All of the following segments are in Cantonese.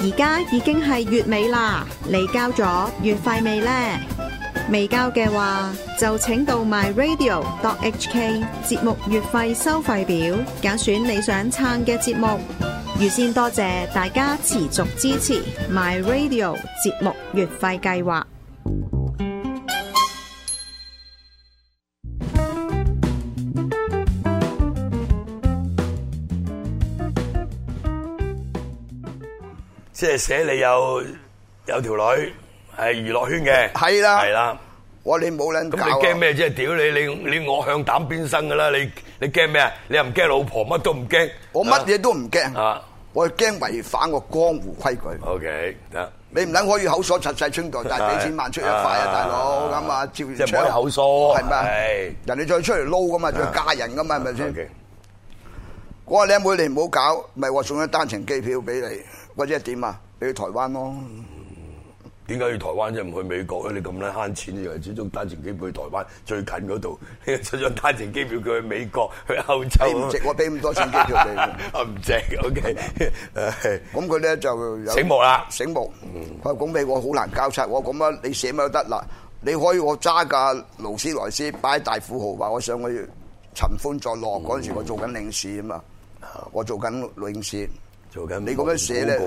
而家已經係月尾啦，你交咗月費未呢？未交嘅話，就請到 MyRadio.HK 節目月費收費表，揀選你想撐嘅節目。預先多謝大家持續支持 MyRadio 節目月費計劃。即係寫你有有條女係娛樂圈嘅，係啦，我你冇撚搞。咁你驚咩？即係屌你，你你我向膽邊生噶啦！你你驚咩？你又唔驚老婆，乜都唔驚，我乜嘢都唔驚。我係驚違反個江湖規矩。O K，得。你唔撚可以口疏拆曬村舊，但係幾千萬出一塊啊，大佬咁啊，照出。即係唔可以口疏。係嘛？人哋再出嚟撈噶嘛，再嫁人噶嘛，係咪先？O K。我話你阿妹唔好搞，咪我送咗單程機票俾你。嗰啲係點啊？你去台灣咯？點解去台灣啫？唔去美國咧？你咁撚慳錢，你始終單程機票去台灣最近嗰度，出咗單程機票佢去美國去歐洲，你唔值。我俾咁多錢機票你，我唔 值。O、okay、K。咁佢咧就醒目啦，醒目。佢講俾我好難交差。我咁啊，你寫乜都得嗱。你可以我揸架勞斯萊斯，擺大富豪，話我上去尋歡作樂嗰陣時我、嗯我，我做緊領事啊嘛。我做緊領事。做緊你咁樣寫咧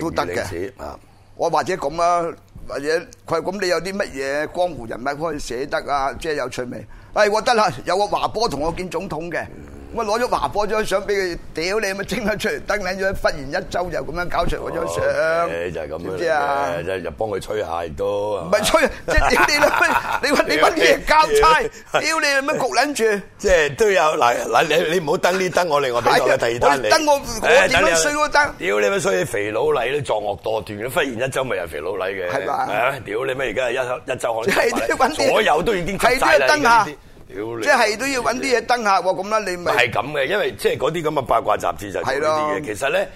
都得嘅，啊、嗯！我或者咁啊，或者佢咁，你有啲乜嘢江湖人物可以寫得啊？即係有趣味。哎，我得啦，有個華波同我見總統嘅。我攞咗華波張相俾佢，屌你！咪得出嚟，登領咗，忽然一周就咁樣搞出嗰張相，知唔知啊？即係就幫佢吹下多。唔係吹，即係你你揾你啲嘢交差，屌你！咪焗撚住。即係都有嗱嗱，你你唔好登呢登我嚟，我邊度係第二單嚟？我登我我點樣衰？我登屌你咪衰！肥佬黎都作惡多端，忽然一周咪又肥佬黎嘅，係嘛？屌你咩？而家係一週一週可以啲。所有都已經出都要係啲燈啊！即係都要揾啲嘢登下喎，咁啦，你咪係咁嘅，因為即係嗰啲咁嘅八卦雜誌就係呢啲嘢。其實咧，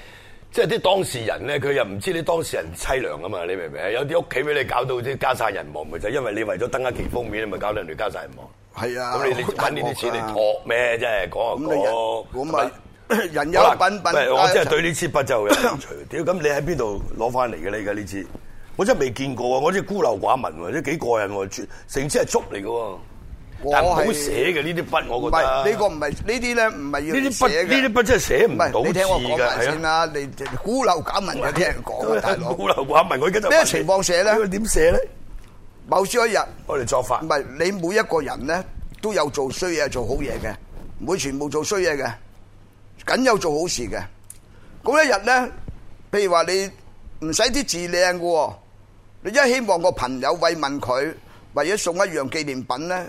即係啲當事人咧，佢又唔知你當事人凄涼啊嘛，你明唔明啊？有啲屋企俾你搞到啲家散人亡咪就係因為你為咗登一期封面，你咪搞到人哋家散人亡。係啊，咁你你揾呢啲錢嚟托咩即啫？講啊講。咁啊，人有品品。我真係對呢支筆就有興趣屌，咁你喺邊度攞翻嚟嘅咧？而家呢支，我真係未見過啊！我真係孤陋寡聞喎，真係幾過癮喎！成支係竹嚟嘅。我係寫嘅呢啲筆，我覺得呢個唔係呢啲咧，唔係要呢啲筆，呢啲筆真係寫唔到字嘅。唔係，你聽我講埋先啦，你孤陋寡聞就聽人講嘅，大佬孤陋寡聞，我而家就咩情況寫咧？點寫咧？某朝一日，我嚟作法。唔係你每一個人咧都有做衰嘢做好嘢嘅，唔會全部做衰嘢嘅，梗有做好事嘅嗰一日咧。譬如話你唔使啲字靚嘅喎，你一希望個朋友慰問佢，或者送一樣紀念品咧。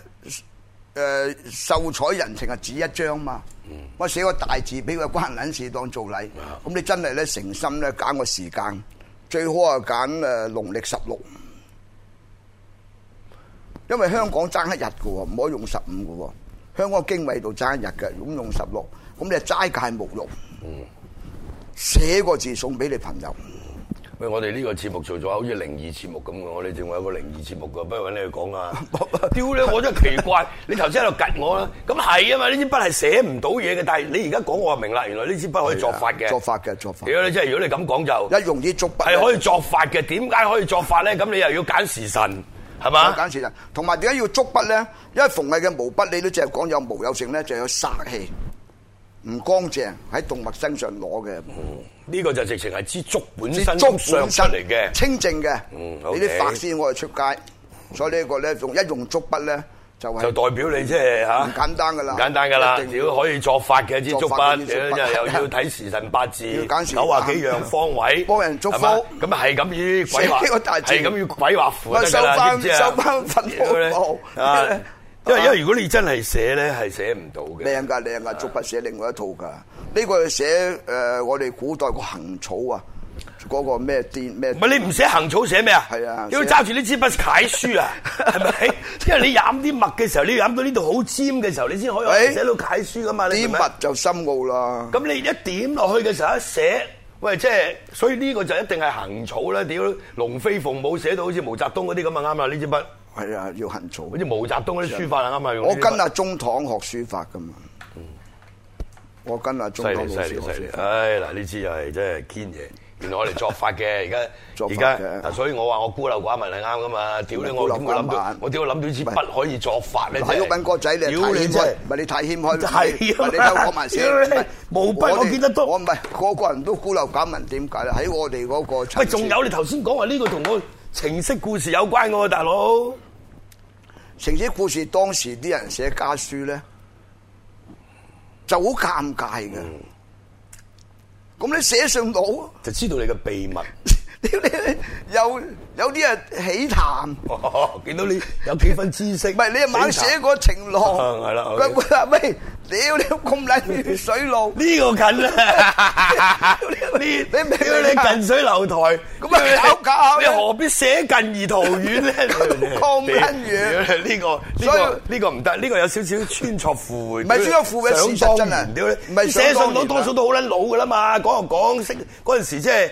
誒，受、呃、彩人情啊，紙一張嘛，嗯、我寫個大字俾佢關捻事當做禮，咁、嗯、你真係咧誠心咧揀個時間，最好啊揀誒農曆十六，因為香港爭一日嘅喎，唔可以用十五嘅喎，香港經緯度爭一日嘅，唔用十六，咁你齋戒沐浴，寫個字送俾你朋友。我哋呢個節目做咗好似靈異節目咁嘅，我哋正話有個靈異節目嘅，不如揾你去講啊！屌你，我真係奇怪，你頭先喺度吉我啦，咁係啊嘛？呢支筆係寫唔到嘢嘅，但係你而家講我就明啦，原來呢支筆可以作法嘅。作法嘅作法嘅。如果你真係，如果你咁講就一用啲竹筆係可以作法嘅，點解可以作法咧？咁 你又要揀時辰，係嘛？揀時辰，同埋點解要竹筆咧？因為逢藝嘅毛筆，你都淨係講有毛有性咧，就有煞氣，唔乾淨，喺動物身上攞嘅。嗯。呢個就直情係支竹本身上出嚟嘅，清淨嘅。嗯，好。呢啲法師我係出街，所以呢一個咧用一用竹筆咧，就就代表你即係嚇，唔簡單㗎喇，唔簡單㗎喇。如果可以作法嘅支竹筆，咁就又要睇時辰八字，九啊幾樣方位幫人捉福。咁啊係咁要鬼畫，係咁要鬼畫符得啦，知唔知啊？.因為因為如果你真係寫咧，係寫唔到嘅。靚噶靚噶，啊、竹筆寫另外一套噶。呢、這個寫誒、呃，我哋古代個行草啊，嗰個咩癲咩。唔係你唔寫行草，寫、那、咩、個、啊？係啊，要揸住呢支筆楷書啊，係咪？因為你飲啲墨嘅時候，你飲到呢度好尖嘅時候，你先可以寫到楷、欸、書噶嘛？呢啲墨就深奧啦。咁你一點落去嘅時候，一寫，喂，即係，所以呢個就一定係行草啦。屌，龍飛鳳舞寫到好似毛澤東嗰啲咁啊，啱啦，呢支筆。係啊，要恨做。好似毛澤東啲書法啊，啱啊！我跟阿中堂學書法噶嘛，我跟阿中堂老師學書法。唉，嗱呢次又係真係堅嘢，原來我哋作法嘅，而家而家所以我話我孤陋寡聞係啱噶嘛？屌你，我點會諗到？我屌會諗到支筆可以作法咧？你碌品哥仔咧？屌你真係，你太謙虛。係，唔係你聽我慢少。毛筆我見得多，我唔係個個人都孤陋寡聞，點解喺我哋嗰個，喂，仲有你頭先講話呢個同我。情色故事有關喎，大佬。情色故事當時啲人寫家書咧，就好尷尬嘅。咁、嗯、你寫上到就知道你嘅秘密。 你有有啲人喜談，見、哦、到你有幾分知識，唔係 你猛寫過情郎，係啦， 喂。 屌，你咁撚水路？呢個近啊，你你屌你近水樓台，咁啊搞搞，你何必寫近而逃遠咧？講乜嘢？呢個呢個呢個唔得，呢個有少少穿錯褲，唔係穿錯褲嘅事實真係，屌你，唔係寫信佬多數都好撚老噶啦嘛。講又講，識嗰陣時即係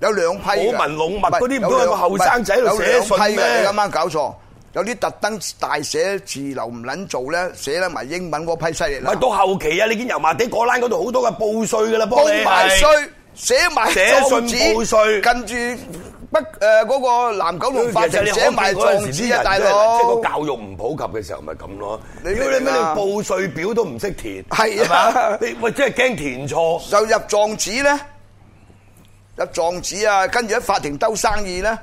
有兩批，我文老墨嗰啲都係個後生仔喺度寫信嘅，你啱啱搞錯。有啲特登大寫字留唔撚做咧，寫得埋英文，嗰批犀利啦！咪到後期啊，你見油麻地果欄嗰度好多嘅報稅噶啦，報稅寫埋狀紙，跟住北誒嗰個南九龍法庭寫埋狀紙啊，大佬！即係個教育唔普及嘅時候，咪咁咯。屌你乜？連報稅表都唔識填，係啊，喂，即係驚填錯，就入狀紙咧，入狀紙啊，跟住喺法庭兜生意咧。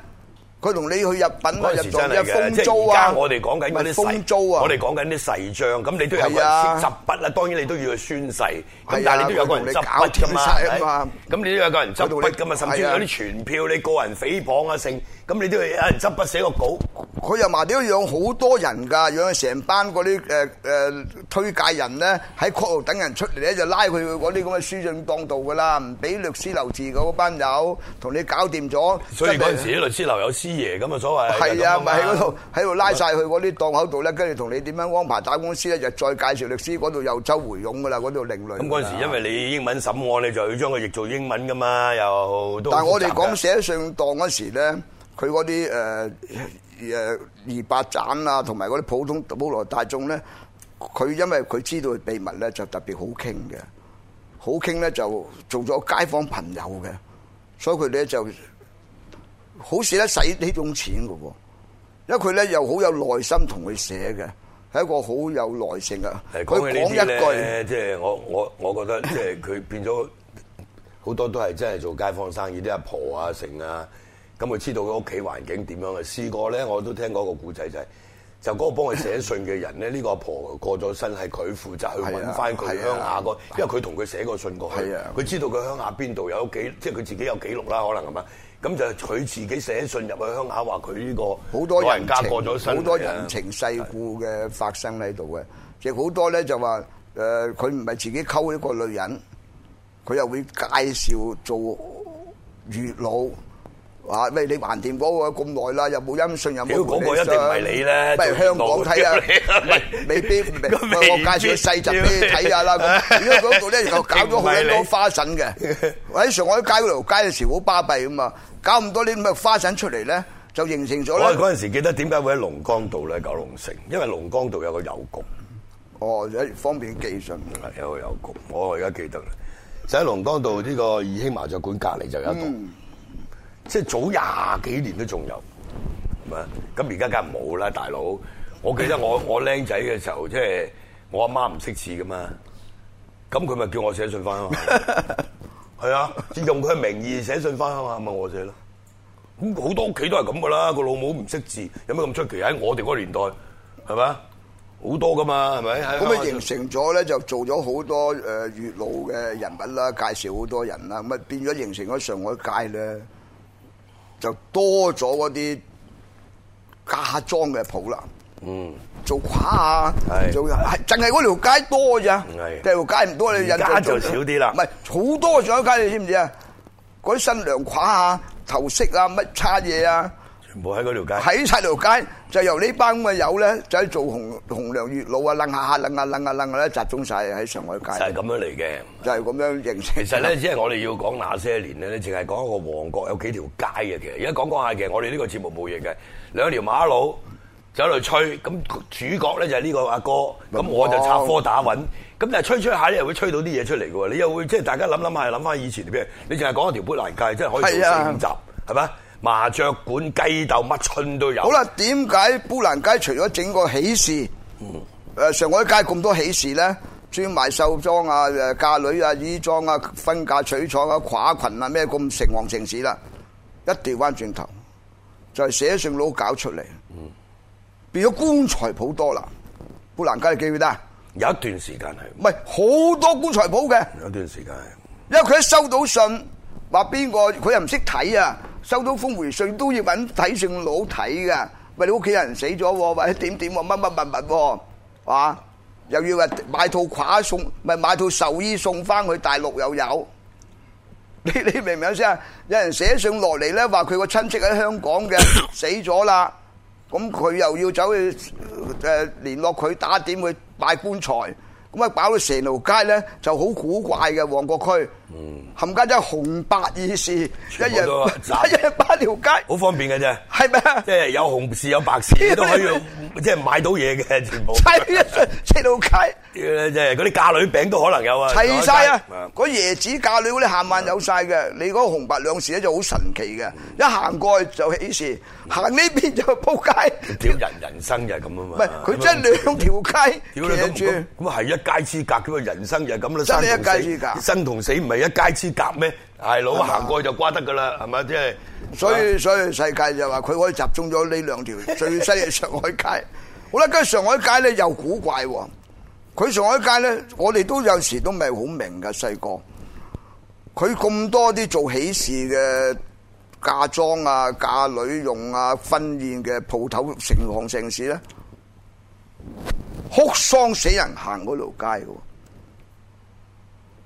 佢同你去入品啊，陣時入封租啊，即封租啊。我哋講緊嗰啲細，封租啊、我哋講緊啲細仗。咁你都有個人識執筆啊。當然你都要去宣誓。咁、啊、但係你都有個人執筆啊嘛？咁、啊、你都有個人執筆㗎嘛？甚至有啲傳票，你，你個人誹謗啊，剩、啊。等等咁你都要啊執筆寫個稿，佢又話啲養好多人㗎，養成班嗰啲誒誒推介人咧，喺嗰度等人出嚟咧，就拉佢去嗰啲咁嘅書信檔度㗎啦，唔俾律師樓字嗰班友同你搞掂咗。所以嗰陣時啲律師樓有師爺咁嘅所謂。係啊，咪喺嗰度喺度拉曬去嗰啲檔口度咧，跟住同你點樣安排打官司咧，就再介紹律師嗰度又周回湧㗎啦，嗰度另類。咁嗰陣時因為你英文審案咧，你就要將佢譯做英文㗎嘛，又。但係我哋講寫信檔嗰時咧。佢嗰啲誒誒二百盞啊，同埋嗰啲普通普羅大眾咧，佢因為佢知道秘密咧，就特別好傾嘅，好傾咧就做咗街坊朋友嘅，所以佢咧就好捨得使呢種錢嘅喎，因為佢咧又好有耐心同佢寫嘅，係一個好有耐性嘅。佢講一句，即係我我我覺得，即係佢變咗好多都係真係做街坊生意啲 阿婆啊、成啊。咁佢知道佢屋企環境點樣嘅？試過咧，我都聽過一個故仔仔，就嗰、是、個幫佢寫信嘅人咧，呢 個婆，婆過咗身，係佢負責去揾翻佢鄉下個， 啊、因為佢同佢寫個信過去，佢、啊、知道佢鄉下邊度有幾，即係佢自己有記錄啦，可能係嘛？咁就佢自己寫信入去鄉下，話佢呢個好多人家過咗身，好多，多人情世故嘅發生喺度嘅，即係好多咧就話誒，佢唔係自己溝一個女人，佢又會介紹做月老。話咩？你橫掂嗰個咁耐啦，又冇音訊，又冇講過音訊，唔係你咧？不如香港睇下，唔係未必。我介紹細集啲睇下啦。而家嗰度咧又搞咗好多花臣嘅。喺上海街嗰條街嘅時好巴閉咁啊，搞咁多啲咁嘅花臣出嚟咧，就形成咗咧。我嗰陣時記得點解會喺龍江道咧九龍城，因為龍江道有個郵局。哦，方便寄信。係有個郵局，我而家記得啦。就喺龍江道呢個二興麻雀館隔離就有一個。即係早廿幾年都仲有，係嘛，咁而家梗係冇啦，大佬。我記得我我僆仔嘅時候，即係我阿媽唔識字噶嘛，咁佢咪叫我寫信翻啊？係啊，用佢嘅名義寫信翻啊嘛，咪我寫咯。咁好多屋企都係咁噶啦，個老母唔識字，有咩咁出奇？喺我哋嗰個年代，係咪好多噶嘛，係咪？咁咪形成咗咧，就做咗好多誒月老嘅人物啦，介紹好多人啦，咁啊變咗形成咗上海街咧。就多咗嗰啲嫁妝嘅鋪啦，嗯，做褂啊，是做係，淨係嗰條街多咋，即係條街唔多你，而家是就少啲啦，唔係好多上海街你知唔知啊？嗰啲新娘褂啊、頭飾啊、乜叉嘢啊。全部喺嗰條街，喺晒條街就由呢班嘅友咧，就喺做紅紅娘、月老啊，楞下下楞下楞下楞咧，集中晒喺上海街。就係咁樣嚟嘅，就係咁樣認識。其實咧，即係我哋要講那些年咧，淨係講一個旺角有幾條街嘅。其實而家講講下，其實我哋呢個節目冇嘢嘅，兩條馬路走嚟吹，咁主角咧就係呢個阿哥，咁我就插科打諢，咁但係吹吹下咧，又會吹到啲嘢出嚟嘅喎。你又會即係大家諗諗下，諗翻以前啲咩？你淨係講一條砵蘭街，即係可以做四五集，係咪？麻雀館、雞豆乜春都有。好啦，點解砵蘭街除咗整個喜事，誒、嗯、上海街咁多喜事咧，專賣秀裝啊、誒嫁女啊、衣裝啊、婚嫁娶彩啊、跨裙啊，咩咁成行成市啦？一調翻轉頭，就係、是、寫信佬搞出嚟，嗯、變咗棺材鋪多啦。砵蘭街你記唔記得啊？有一段時間係，唔係好多棺材鋪嘅。有一段時間係，因為佢一收到信，話邊個佢又唔識睇啊。收到封回信都要揾睇相佬睇㗎，咪你屋企人死咗，或者點點乜乜物物，啊，又要話買套褂送，咪買套壽衣送翻去大陸又有，你你明唔明先啊？有人寫信落嚟咧，話佢個親戚喺香港嘅死咗啦，咁佢 又要走去誒聯絡佢打點去買棺材。咁啊，跑到蛇路街咧就好古怪嘅，旺角區，冚唪唥紅白二事，一日人那一日八條街，好方便嘅啫，係咩嗎？啊？即係有紅事有白事， 都可以即係、就是、買到嘢嘅全部。就係蛇路街。 即係嗰啲嫁女餅都可能有啊，砌晒啊！嗰椰子嫁女嗰啲咸萬有晒嘅。你嗰個紅白兩事咧就好神奇嘅，一行過去就喜事，行呢邊就撲街。點人人生就係咁啊嘛？唔係，佢真係兩條街夾住。咁啊係一街之隔，佢人生就係咁啦，真係一街之隔。生同死唔係一街之隔咩？係佬，行過去就瓜得噶啦，係咪？即係所以，所以世界就話佢可以集中咗呢兩條最西嘅上海街。好啦，跟上海街咧又古怪。佢上海街咧，我哋都有時都未好明嘅細個。佢咁多啲做喜事嘅嫁妝啊、嫁女用啊、婚宴嘅鋪頭成行成市咧，哭喪死人行嗰條街嘅，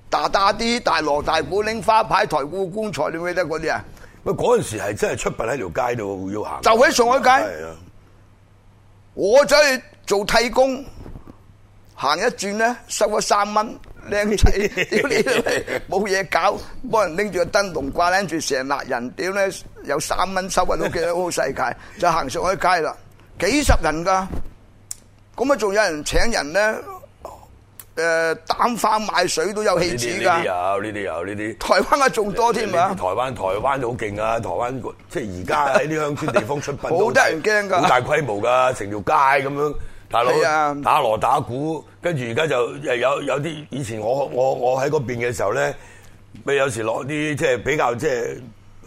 大大啲大鑼大鼓拎花牌抬棺棺材，你記得嗰啲啊？喂，嗰陣時係真係出殯喺條街度要行，就喺上海街。係啊的，我走去做替工。行一轉咧，收咗三蚊，靚仔，屌你！冇嘢搞，幫人拎住個燈籠掛攬住成辣人，屌咧有三蚊收啊！都幾好世界， 就行上去街啦，幾十人噶，咁啊仲有人請人咧，誒、呃、擔幡買水都有氣柱㗎。有，呢啲有，呢啲。台灣啊仲多添啊！ 台灣台灣好勁啊！台灣即係而家喺呢鄉村地方出品，好得人驚㗎，好大規模㗎，成條街咁樣。大佬啊，打鑼打鼓，跟住而家就又有有啲以前我我我喺嗰邊嘅時候咧，咪有時落啲即係比較即係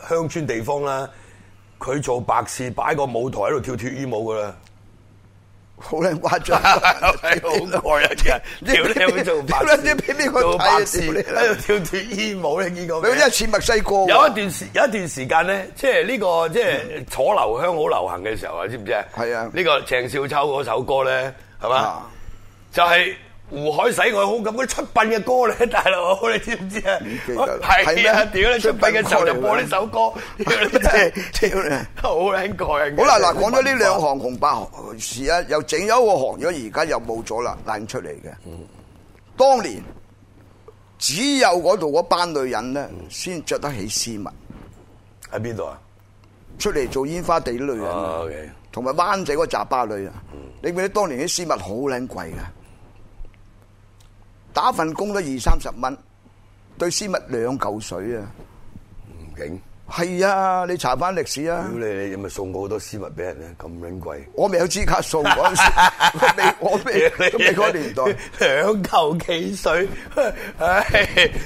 鄉村地方啦，佢做白事擺個舞台喺度跳脫衣舞噶啦。好靚畫作啊！睇到我有啲人 跳跳做白蛇， 跳脫衣舞咧，見、嗯、過咩？因為似墨西哥。有一段時，有一段時間咧，即係呢、這個即係楚留香好流行嘅時候啊，知唔知啊？係啊、嗯，呢、這個鄭少秋嗰首歌咧，係嘛，嗯、就係、是。胡海使我好咁嗰出殯嘅歌咧，大佬你知唔知啊？係啊，屌你出殯嘅時候就播呢首歌，真係真係好捻過癮啊！好啦，嗱，講咗呢兩行紅白事啊，又整咗個行，咗而家又冇咗啦，捻出嚟嘅。當年只有嗰度嗰班女人咧，先着得起絲襪。喺邊度啊？出嚟做煙花地女人，同埋灣仔嗰扎巴女啊！你記得當年啲絲襪好靚貴噶。打份工都二三十蚊，對絲襪兩嚿水啊！唔勁，係啊！你查翻歷史啊！屌你！你有咪送過好多絲襪俾人咧，咁矜貴！我未有資格送嗰陣時，我未我未咁嗰年代兩嚿幾水。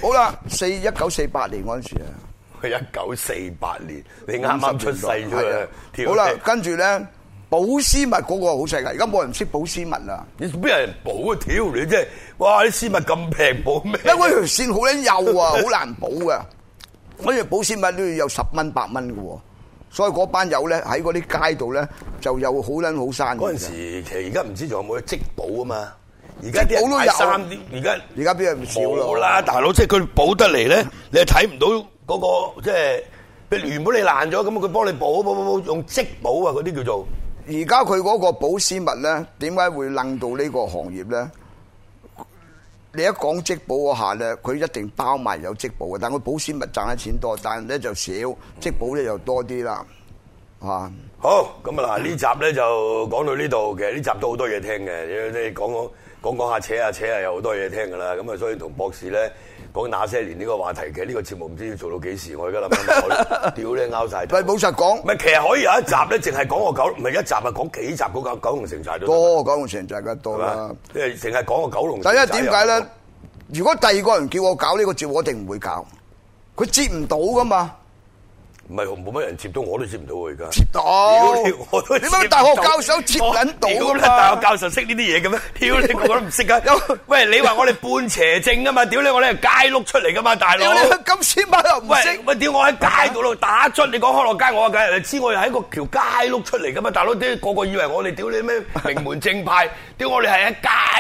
好啦，四一九四八年嗰陣時啊，一九四八年你啱啱出世啫嘛！好啦，跟住咧。補絲襪嗰個好食噶，而家冇人識補絲襪啦。你邊有人補啊？屌你真係，哇！啲絲襪咁平補咩？因為條線好撚幼啊，好難補噶。所以補絲襪都要有十蚊、八蚊噶。所以嗰班友咧喺嗰啲街度咧就有好撚好生意嗰陣時期。而家唔知仲有冇織補啊嘛？而家啲保都有三啲。而家而家邊人少啦？大佬，即係佢補得嚟咧，你睇唔到嗰個即係，佢原本你爛咗咁，佢幫你補補補補，用織補啊，嗰啲叫做。而家佢嗰個保鮮物咧，點解會撚到呢個行業咧？你一講積保嘅下咧，佢一定包埋有積保嘅，但係佢保鮮物賺嘅錢多，但係咧就少，積保咧又多啲啦，嚇、嗯。嗯、好，咁啊嗱，呢集咧就講到呢度嘅，其實呢集都好多嘢聽嘅，你講講講講下扯下扯下，扯著扯著有好多嘢聽㗎啦。咁啊，所以同博士咧。講那些年呢個話題嘅呢個節目，唔知要做到幾時？我而家諗緊，屌你拗晒！喂，冇實講，唔係其實可以有一集咧，淨係講個九，唔係一集啊，講幾集嗰個九龍城寨都多，九龍城寨嘅多啦，即係淨係講個九龍城。第一點解咧？呢如果第二個人叫我搞呢個節目，我一定唔會搞，佢接唔到噶嘛。唔係冇乜人接到，我都接唔到佢而家。接到，你攞大學教授接撚到㗎？大學教授識呢啲嘢嘅咩？屌你個個都唔識噶。喂，你話我哋半邪正㗎嘛？屌你我哋街碌出嚟㗎嘛，大佬。咁先包又唔識。喂，屌我喺街度咯，打出你講開落街，我梗係知，我係喺個條街碌出嚟㗎嘛，大佬。啲個個以為我哋屌你咩名門正派？屌 我哋係喺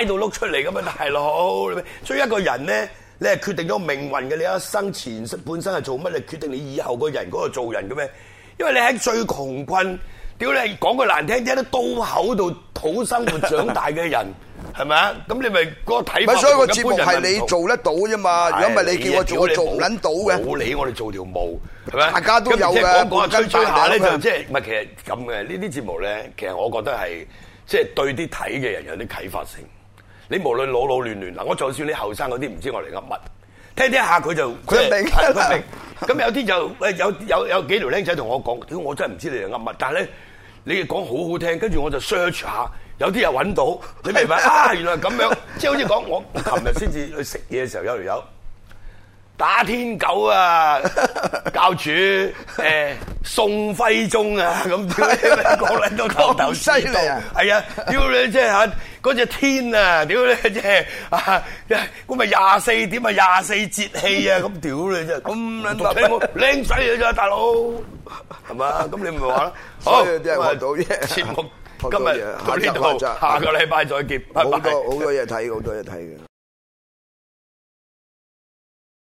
街度碌出嚟㗎嘛，大佬。追一個人咧。你係決定咗命運嘅，你一生前世本身係做乜？你決定你以後人、那個人嗰度做人嘅咩？因為你喺最窮困，屌你講句難聽啲，刀口度土生活長大嘅人， 是是那個、係咪啊？咁你咪嗰個睇法。唔係，所以個節目係你做得到啫嘛，如果唔係你叫我做，做我做唔撚到嘅。冇理我哋做條毛，係咪？大家都有嘅。咁講講下追蹤下咧，就即係唔係？其實咁嘅呢啲節目咧，其實我覺得係即係對啲睇嘅人有啲啟發性，啥啥你無論老老嫩嫩嗱，我就算你後生嗰啲唔知我嚟噏乜，聽聽下佢就佢明。咁有啲就誒有有有幾條僆仔同我講，屌我真係唔知你哋噏乜，但係咧你哋講好好聽，跟住我就 search 下，有啲又揾到，你明白吧啊？原來咁樣，即係好似講我琴日先至去食嘢嘅時候有條友打天狗啊，教主誒、欸、宋徽宗啊咁，講嚟到頭頭是道，係啊，屌、啊、你即係。就是嗰隻天啊，屌你！即係啊，咁咪廿四點啊，廿四節氣啊，咁屌 你真係咁撚難睇！我靚仔嚟咋，大佬係嘛？咁 你唔係話啦， 好啲係學到嘢，節目今日到呢度，下個禮拜再見，阿伯。好多好拜拜 多嘢睇，好多嘢睇嘅。